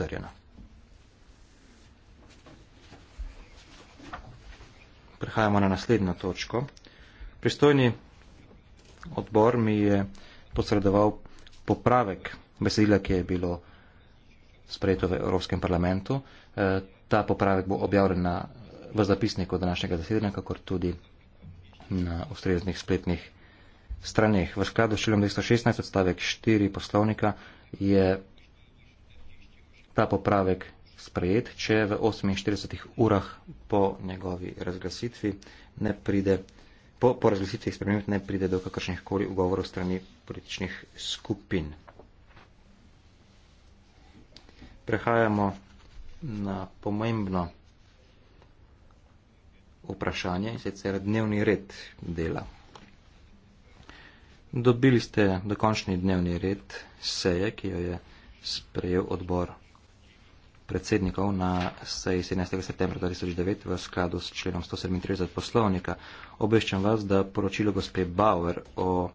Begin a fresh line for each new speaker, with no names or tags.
potrjena. Prehajamo na naslednjo točko. Pristojni odbor mi je posredoval popravek besedila, ki je bilo sprejeto v Evropskem parlamentu. E, ta popravek bo objavljen v zapisniku današnjega zasedanja, kakor tudi na ustreznih spletnih straneh. V skladu s členom 216 odstavek 4 poslovnika je ta popravek sprejet, če v 48 urah po njegovi razglasitvi ne pride, po, po razglasitvi sprememb ne pride do kakršnih koli ugovorov strani političnih skupin. Prehajamo na pomembno vprašanje, in sicer dnevni red dela. Dobili ste dokončni dnevni red seje, ki jo je sprejel odbor predsednikov na seji 17. septembra 2009 v skladu s členom 137 poslovnika. Obveščam vas, da poročilo gospe Bauer o